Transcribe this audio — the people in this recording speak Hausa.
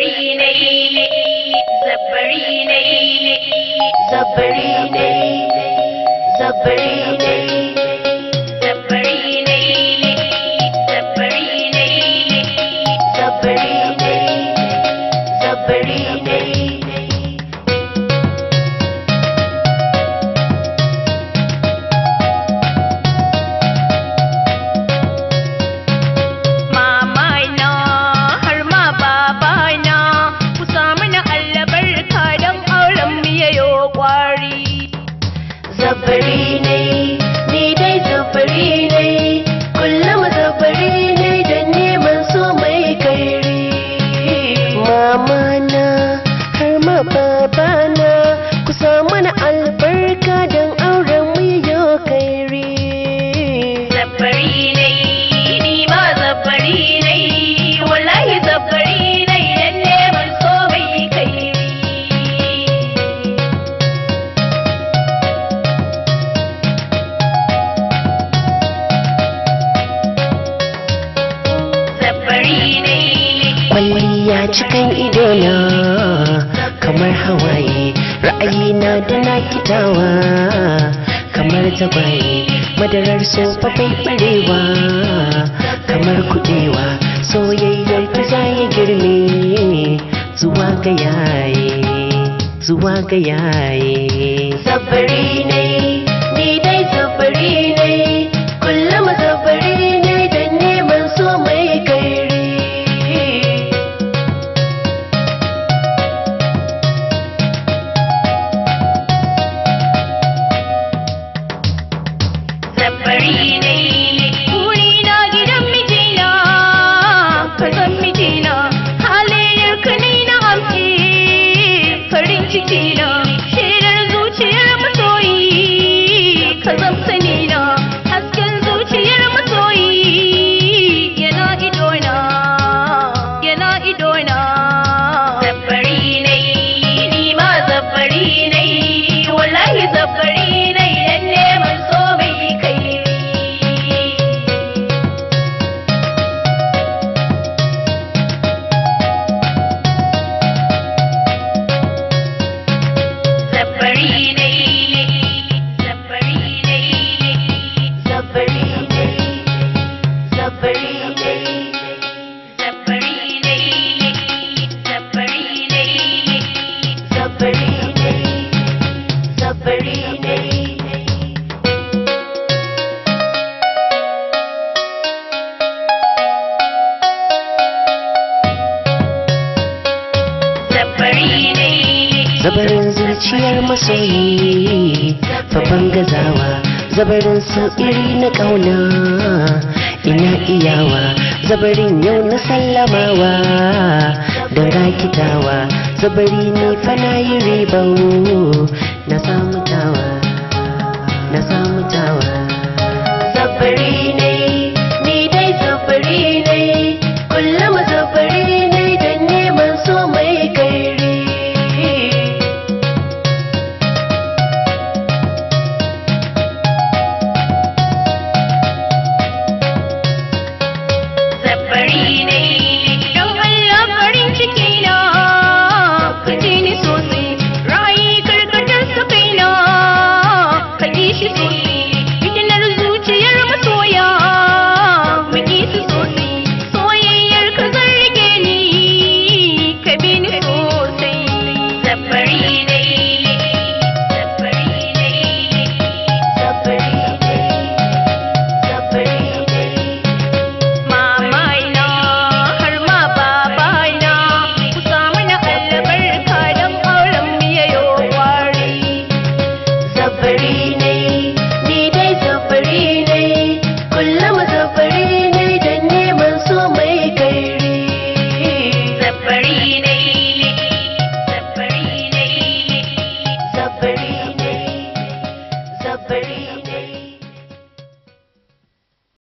ஜப்பழியினை ஜப்பழியினை ஜப்பழியினை ஜப்பழியினை रबड़ी नहीं ya cikan idona kamar hawaye ra'ayina da na kitawa kamar tagwaye madarar sofa bai barewa kamar kudewa soyayyar ta zaya girme zuwa ga yaye zuwa ga yaye ne చీలో Zabarin zuciyar masoyi faban gazawa zabarin su iri na kauna ina iyawa zabarin yau na sallamawa da rakitawa sabari ne fa na yi ribau na samu tawa na samu